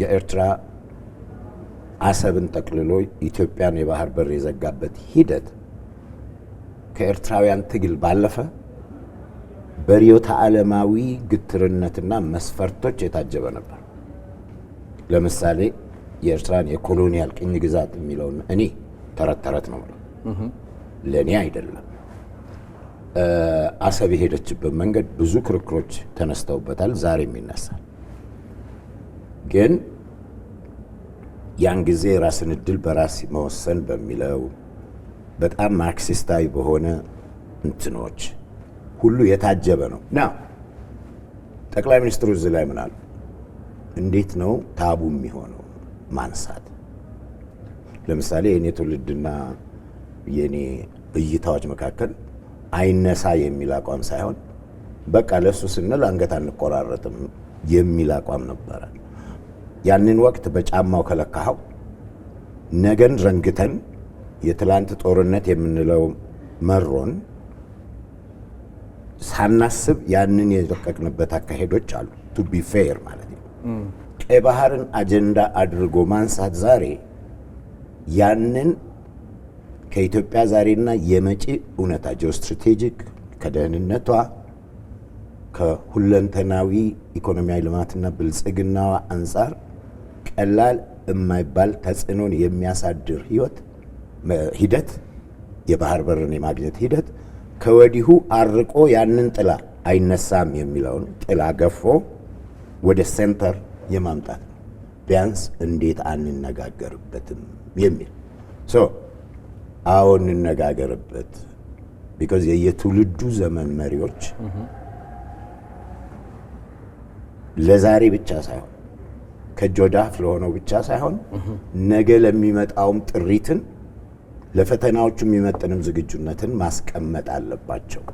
የኤርትራ አሰብን ጠቅልሎ ኢትዮጵያን የባህር በር የዘጋበት ሂደት ከኤርትራውያን ትግል ባለፈ በርዕዮተ ዓለማዊ ግትርነትና መስፈርቶች የታጀበ ነበር። ለምሳሌ የኤርትራን የኮሎኒያል ቅኝ ግዛት የሚለውን እኔ ተረት ተረት ነው ብለው ለእኔ አይደለም። አሰብ የሄደችበት መንገድ ብዙ ክርክሮች ተነስተውበታል፣ ዛሬም ይነሳል። ግን ያን ጊዜ ራስን እድል በራስ መወሰን በሚለው በጣም ማርክሲስታዊ በሆነ እንትኖች ሁሉ የታጀበ ነው ና ጠቅላይ ሚኒስትሩ እዚህ ላይ ምናሉ፣ እንዴት ነው ታቡ የሚሆነው ማንሳት? ለምሳሌ የእኔ ትውልድና የእኔ እይታዎች መካከል አይነሳ የሚል አቋም ሳይሆን በቃ ለእሱ ስንል አንገት አንቆራረጥም የሚል አቋም ነበራል። ያንን ወቅት በጫማው ከለካኸው ነገን ረንግተን የትላንት ጦርነት የምንለው መሮን ሳናስብ ያንን የለቀቅንበት አካሄዶች አሉ። ቱ ቢ ፌር ማለት ነው። ቀይ ባህርን አጀንዳ አድርጎ ማንሳት ዛሬ ያንን ከኢትዮጵያ ዛሬና የመጪ እውነታ ጂኦ ስትራቴጂክ ከደህንነቷ ከሁለንተናዊ ኢኮኖሚያዊ ልማትና ብልጽግናዋ አንጻር ቀላል የማይባል ተጽዕኖን የሚያሳድር ህይወት ሂደት የባህር በርን የማግኘት ሂደት ከወዲሁ አርቆ ያንን ጥላ አይነሳም የሚለውን ጥላ ገፎ ወደ ሴንተር የማምጣት ነው። ቢያንስ እንዴት አንነጋገርበትም የሚል ሶ አዎ እንነጋገርበት። ቢኮዝ የየትውልዱ ዘመን መሪዎች ለዛሬ ብቻ ሳይሆን ከእጅ ወደ አፍ ለሆነው ብቻ ሳይሆን ነገ ለሚመጣውም ጥሪትን ለፈተናዎቹ የሚመጥንም ዝግጁነትን ማስቀመጥ አለባቸው።